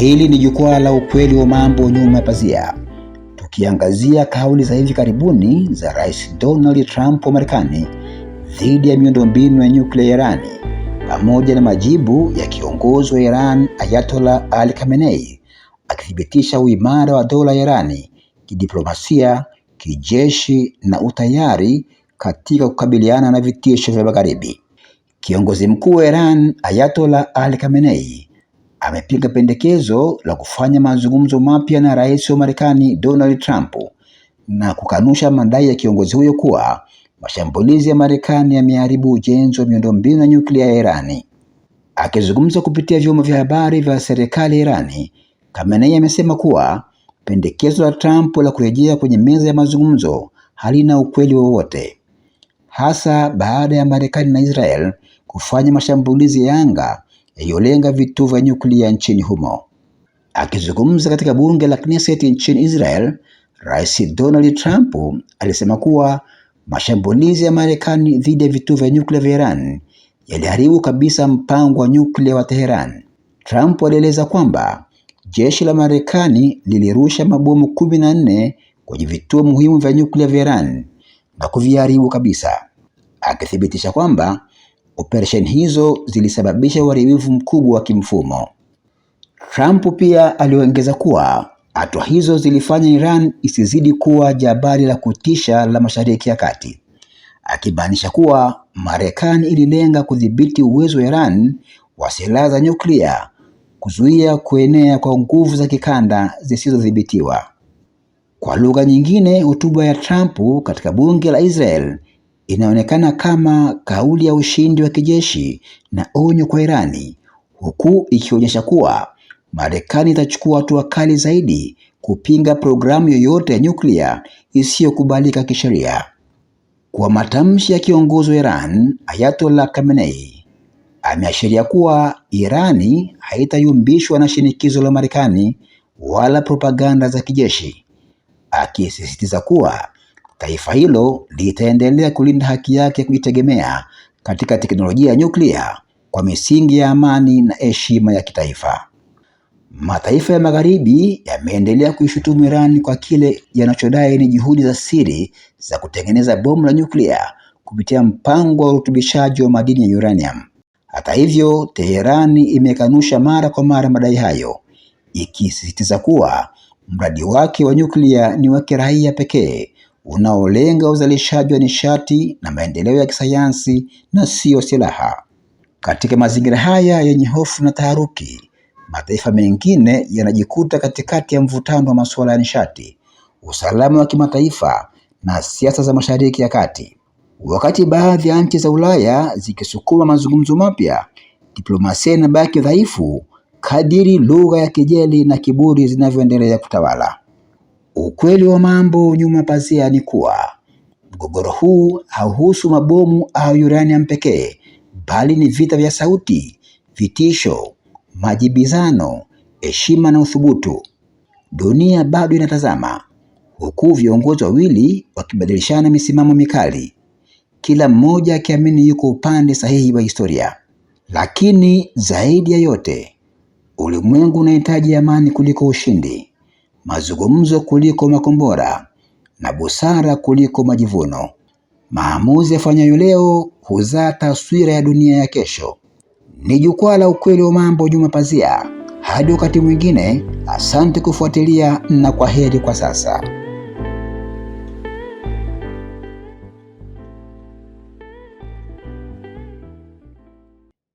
Hili ni jukwaa la ukweli wa mambo nyuma ya pazia, tukiangazia kauli za hivi karibuni za Rais Donald Trump wa Marekani dhidi ya miundombinu ya nyuklia ya Irani pamoja na majibu ya kiongozi wa Iran Ayatollah Ali Khamenei akithibitisha uimara wa dola ya Irani kidiplomasia, kijeshi na utayari katika kukabiliana na vitisho vya Magharibi. Kiongozi mkuu wa Iran Ayatollah Ali Khamenei amepinga pendekezo la kufanya mazungumzo mapya na rais wa Marekani Donald Trump na kukanusha madai ya kiongozi huyo kuwa mashambulizi ya Marekani yameharibu ujenzi wa miundombinu na nyuklia ya Irani. Akizungumza kupitia vyombo vya habari vya serikali ya Irani, Khamenei amesema kuwa pendekezo la Trump la kurejea kwenye meza ya mazungumzo halina ukweli wowote, hasa baada ya Marekani na Israel kufanya mashambulizi ya anga yaliyolenga vituo vya nyuklia nchini humo. Akizungumza katika bunge la Knesset nchini Israel, Rais Donald Trump alisema kuwa mashambulizi ya Marekani dhidi ya vituo vya nyuklia vya Iran yaliharibu kabisa mpango wa nyuklia wa Teheran. Trump alieleza kwamba jeshi la Marekani lilirusha mabomu kumi na nne kwenye vituo muhimu vya nyuklia vya Iran na kuviharibu kabisa, akithibitisha kwamba Operesheni hizo zilisababisha uharibifu mkubwa wa kimfumo. Trump pia aliongeza kuwa hatua hizo zilifanya Iran isizidi kuwa jabali la kutisha la Mashariki ya Kati, akibainisha kuwa Marekani ililenga kudhibiti uwezo wa Iran wa silaha za nyuklia, kuzuia kuenea kwa nguvu za kikanda zisizodhibitiwa. Kwa lugha nyingine, hotuba ya Trump katika bunge la Israel Inaonekana kama kauli ya ushindi wa kijeshi na onyo kwa Irani huku ikionyesha kuwa Marekani itachukua hatua kali zaidi kupinga programu yoyote ya nyuklia isiyokubalika kisheria. Kwa matamshi ya kiongozi wa Iran, Ayatollah Khamenei ameashiria kuwa Irani haitayumbishwa na shinikizo la Marekani wala propaganda za kijeshi, akisisitiza kuwa taifa hilo litaendelea kulinda haki yake ya kujitegemea katika teknolojia ya nyuklia kwa misingi ya amani na heshima ya kitaifa. Mataifa ya Magharibi yameendelea kuishutumu Iran kwa kile yanachodai ni juhudi za siri za kutengeneza bomu la nyuklia kupitia mpango wa urutubishaji wa madini ya uranium. Hata hivyo, Teherani imekanusha mara kwa mara madai hayo, ikisisitiza kuwa mradi wake wa nyuklia ni wa kiraia pekee unaolenga uzalishaji wa nishati na maendeleo ya kisayansi na siyo silaha. Katika mazingira haya yenye hofu na taharuki, mataifa mengine yanajikuta katikati ya mvutano wa masuala ya nishati, usalama wa kimataifa na siasa za Mashariki ya Kati. Wakati baadhi ya nchi za Ulaya zikisukuma mazungumzo mapya, diplomasia inabaki dhaifu kadiri lugha ya kejeli na kiburi zinavyoendelea kutawala. Ukweli wa mambo nyuma pazia ni kuwa mgogoro huu hauhusu mabomu au uranium pekee, bali ni vita vya sauti, vitisho, majibizano, heshima na uthubutu. Dunia bado inatazama huku viongozi wawili wakibadilishana misimamo mikali, kila mmoja akiamini yuko upande sahihi wa historia. Lakini zaidi ya yote, ulimwengu unahitaji amani kuliko ushindi mazungumzo kuliko makombora na busara kuliko majivuno. Maamuzi yafanyayo leo huzaa taswira ya dunia ya kesho. Ni jukwaa la ukweli wa mambo Juma pazia. Hadi wakati mwingine, asante kufuatilia na kwaheri kwa sasa.